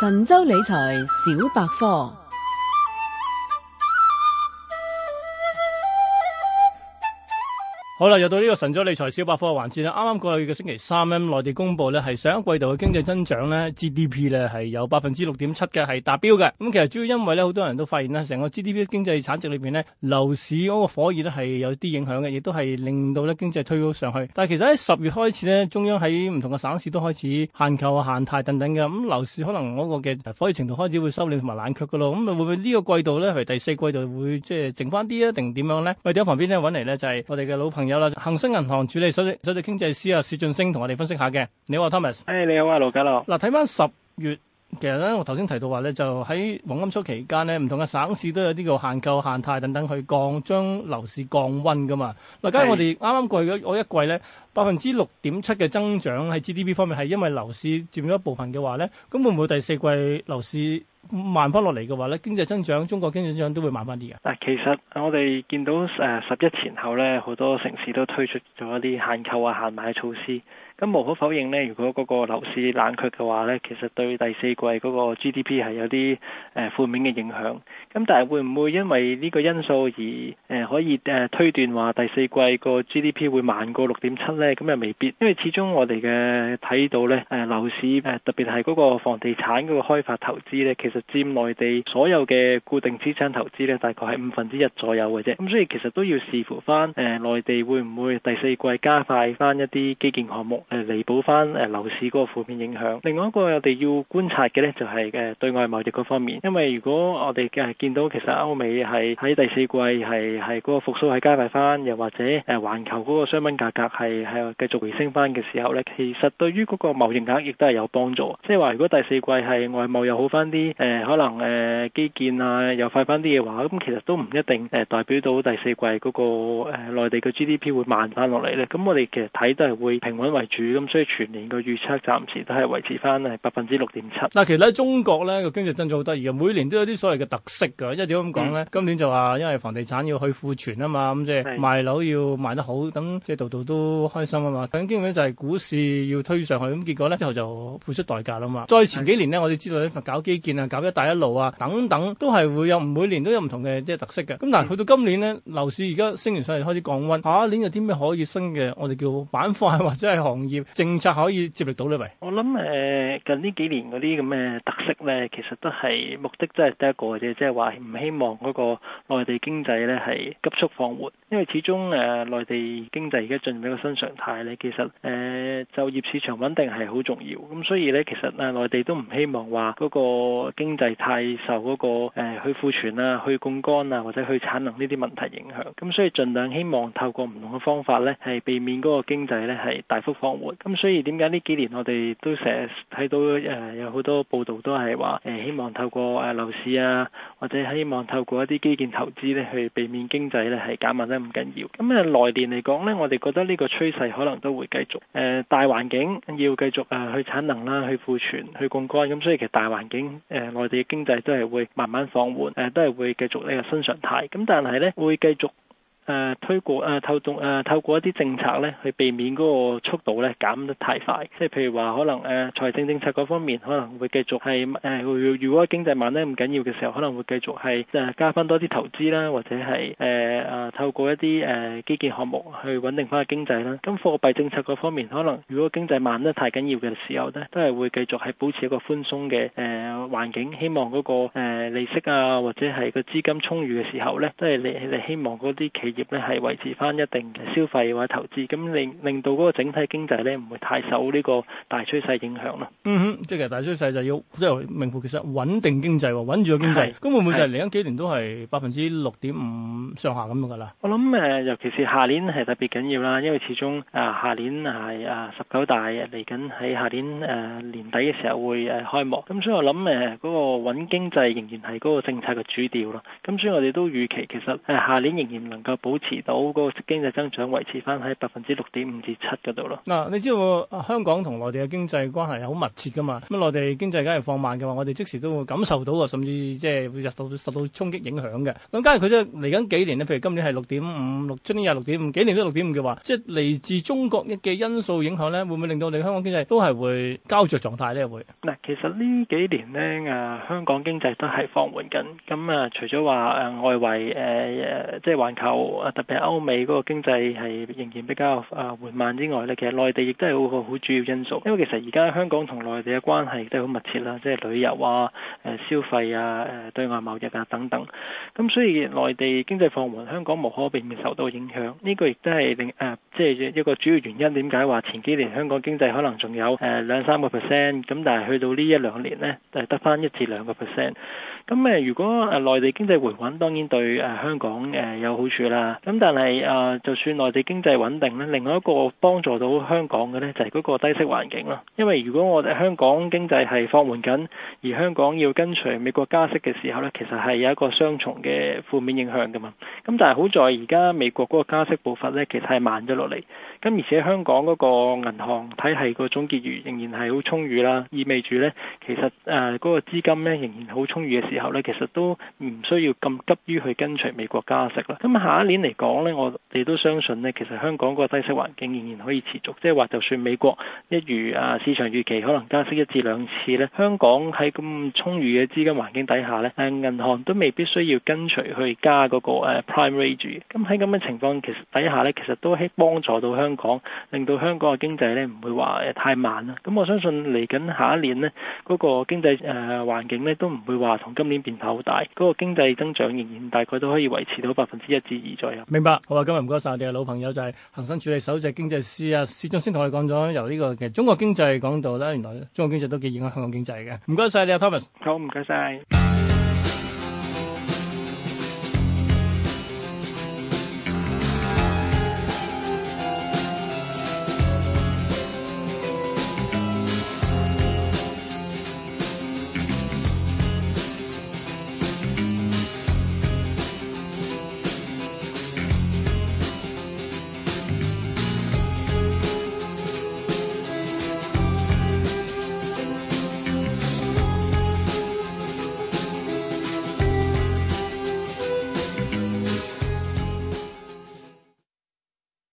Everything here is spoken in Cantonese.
神州理財小百科。好啦，又到呢個神州理財小百科嘅環節啦。啱啱過去嘅星期三咧，內地公布咧係上一季度嘅經濟增長咧 GDP 咧，係有百分之六點七嘅，係達標嘅。咁、嗯、其實主要因為咧好多人都發現咧成個 GDP 經濟產值裏邊咧樓市嗰個火熱咧係有啲影響嘅，亦都係令到咧經濟推咗上去。但係其實喺十月開始咧，中央喺唔同嘅省市都開始限購啊、限貸等等嘅。咁、嗯、樓市可能嗰個嘅火熱程度開始會收斂同埋冷卻噶咯。咁、嗯、會唔會呢個季度咧，譬如第四季度會即係剩翻啲啊，定點樣咧？呢呢就是，我哋喺旁邊咧揾嚟，咧就係我哋嘅老朋友。有啦，恒生銀行署理首席首席經濟師啊，薛俊昇同我哋分析下嘅。你好 Thomas，誒，你好啊，羅、hey, 家樂。嗱，睇翻十月，其實咧，我頭先提到話咧，就喺黃金周期間咧，唔同嘅省市都有啲叫限購、限貸等等去降，將樓市降溫噶嘛。嗱、okay.，家我哋啱啱季嘅嗰一季咧，百分之六點七嘅增長喺 GDP 方面係因為樓市佔咗一部分嘅話咧，咁會唔會第四季樓市？慢翻落嚟嘅話咧，經濟增長，中國經濟增長都會慢翻啲嘅。嗱，其實我哋見到誒十一前後咧，好多城市都推出咗一啲限購啊、限貸措施。咁無可否認咧，如果嗰個樓市冷卻嘅話咧，其實對第四季嗰個 GDP 係有啲誒、呃、負面嘅影響。咁但係會唔會因為呢個因素而誒、呃、可以誒、呃、推斷話第四季個 GDP 會慢過六點七咧？咁又未必，因為始終我哋嘅睇到咧，誒、呃、樓市誒、呃、特別係嗰個房地產嗰個開發投資咧，其實。佔內地所有嘅固定資產投資咧，大概係五分之一左右嘅啫。咁所以其實都要視乎翻誒內地會唔會第四季加快翻一啲基建項目誒彌補翻誒樓市嗰個負面影響。另外一個我哋要觀察嘅咧就係誒對外貿易嗰方面，因為如果我哋嘅、呃、見到其實歐美係喺第四季係嗰個復甦係加快翻，又或者誒環球嗰個商品價格係係繼續回升翻嘅時候咧，其實對於嗰個貿易額亦都係有幫助。即係話如果第四季係外貿又好翻啲。誒、呃，可能誒、呃、基建啊，又快翻啲嘅話，咁其實都唔一定誒、呃、代表到第四季嗰、那個誒、呃、內地嘅 GDP 會慢翻落嚟咧。咁我哋其實睇都係會平穩為主，咁所以全年個預測暫時都係維持翻係百分之六點七。嗱，其實喺中國咧個經濟增長好得意，又每年都有啲所謂嘅特色噶。因為點解咁講咧，今年就話因為房地產要去庫存啊嘛，咁即係賣樓要賣得好，咁即係度度都開心啊嘛。咁基本上就係股市要推上去，咁結果咧之後就付出代價啦嘛。再前幾年咧、嗯，我哋知道咧搞基建啊。搞一帶一路啊，等等都係會有，每年都有唔同嘅即係特色嘅。咁但係去到今年呢，嗯、樓市而家升完上嚟開始降溫。下一年有啲咩可以升嘅，我哋叫板塊或者係行業政策可以接力到咧？咪？我諗誒、呃、近呢幾年嗰啲咁嘅特色咧，其實都係目的真係得一個嘅啫，即係話唔希望嗰個內地經濟咧係急速放緩，因為始終誒、呃、內地經濟而家進入一個新常態咧，其實誒、呃、就業市場穩定係好重要。咁所以咧，其實啊內地都唔希望話嗰、那個經濟太受嗰個去庫存啊、去槓桿啊或者去產能呢啲問題影響，咁所以儘量希望透過唔同嘅方法呢，係避免嗰個經濟咧係大幅放緩。咁所以點解呢幾年我哋都成日睇到誒、呃、有好多報道都係話誒希望透過誒樓市啊，或者希望透過一啲基建投資呢，去避免經濟呢係減慢得唔緊要。咁誒來年嚟講呢，我哋覺得呢個趨勢可能都會繼續誒、呃、大環境要繼續誒去產能啦、去庫存、去槓桿，咁所以其實大環境誒，呃內地嘅經濟都係會慢慢放緩，誒都係會繼續呢個新常態，咁但係咧會繼續。誒、呃、推過、呃、透動、呃、透過一啲政策咧去避免嗰個速度咧減得太快，即係譬如話可能誒、呃、財政政策嗰方面可能會繼續係如、呃、如果經濟慢得唔緊要嘅時候，可能會繼續係誒、呃、加翻多啲投資啦，或者係誒、呃、透過一啲、呃、基建項目去穩定翻個經濟啦。咁貨幣政策嗰方面，可能如果經濟慢得太緊要嘅時候咧，都係會繼續係保持一個寬鬆嘅誒環境，希望嗰、個、呃、利息啊或者係個資金充裕嘅時候咧，都係你你希望嗰啲企業咧係維持翻一定嘅消費或者投資，咁令令到嗰個整體經濟咧唔會太受呢個大趨勢影響咯。嗯哼，即係大趨勢就要即係名副其實穩定經濟喎，穩住個經濟。咁會唔會就係嚟緊幾年都係百分之六點五上下咁㗎啦？我諗誒、呃，尤其是下年係特別緊要啦，因為始終啊，下、呃、年係啊十九大嚟緊，喺下年誒、呃、年底嘅時候會誒開幕。咁、嗯、所以我諗誒嗰個穩經濟仍然係嗰個政策嘅主調咯。咁、嗯、所以我哋都預期其實誒下、呃、年仍然能夠。保持到個經濟增長維持翻喺百分之六點五至七嗰度咯。嗱，你知道香港同內地嘅經濟關係係好密切噶嘛？咁內地經濟梗係放慢嘅話，我哋即時都會感受到，甚至即係會受到衝擊影響嘅。咁假如佢即係嚟緊幾年咧，譬如今年係六點五，六今年又六點五，幾年都六點五嘅話，即係嚟自中國嘅因素影響咧，會唔會令到你香港經濟都係會膠着狀態咧？會、嗯、嗱、呃呃呃，其實呢幾年咧，啊香港經濟都係放緩緊。咁、呃、啊，除咗話誒外圍誒誒、呃，即係環球。呃啊！特別係歐美嗰個經濟係仍然比較啊緩慢之外呢，其實內地亦都係好個好主要因素。因為其實而家香港同內地嘅關係都係好密切啦，即係旅遊啊、消費啊、對外貿易啊等等。咁所以內地經濟放緩，香港無可避免受到影響。呢個亦都係令誒即係一個主要原因。點解話前幾年香港經濟可能仲有誒兩三個 percent，咁但係去到呢一兩年呢，就係得翻一至兩個 percent。咁如果誒內地經濟回穩，當然對香港有好處啦。咁但係就算內地經濟穩定咧，另外一個幫助到香港嘅咧，就係嗰個低息環境啦。因為如果我哋香港經濟係放緩緊，而香港要跟隨美國加息嘅時候咧，其實係有一個雙重嘅負面影響㗎嘛。咁但係好在而家美國嗰個加息步伐咧，其實係慢咗落嚟。咁而且香港嗰個銀行體系個總結餘仍然係好充裕啦，意味住咧其實嗰個資金咧仍然好充裕嘅時。以後呢，其實都唔需要咁急於去跟隨美國加息啦。咁下一年嚟講呢，我哋都相信呢，其實香港個低息環境仍然可以持續。即係話，就算美國一如啊市場預期，可能加息一至兩次呢，香港喺咁充裕嘅資金環境底下呢，銀行都未必需要跟隨去加嗰個 prime rate。咁喺咁嘅情況其實底下呢，其實都喺幫助到香港，令到香港嘅經濟呢唔會話太慢啦。咁我相信嚟緊下一年呢，嗰個經濟、呃、環境呢都唔會話同今今年變化好大，嗰個經濟增長仍然大概都可以維持到百分之一至二左右。明白，好啊，今日唔該晒我哋嘅老朋友就係恒生署理首席經濟師啊，薛俊昇同我哋講咗由呢個嘅中國經濟講到啦，原來中國經濟都幾影響香港經濟嘅。唔該晒你啊 Thomas。好，唔該晒。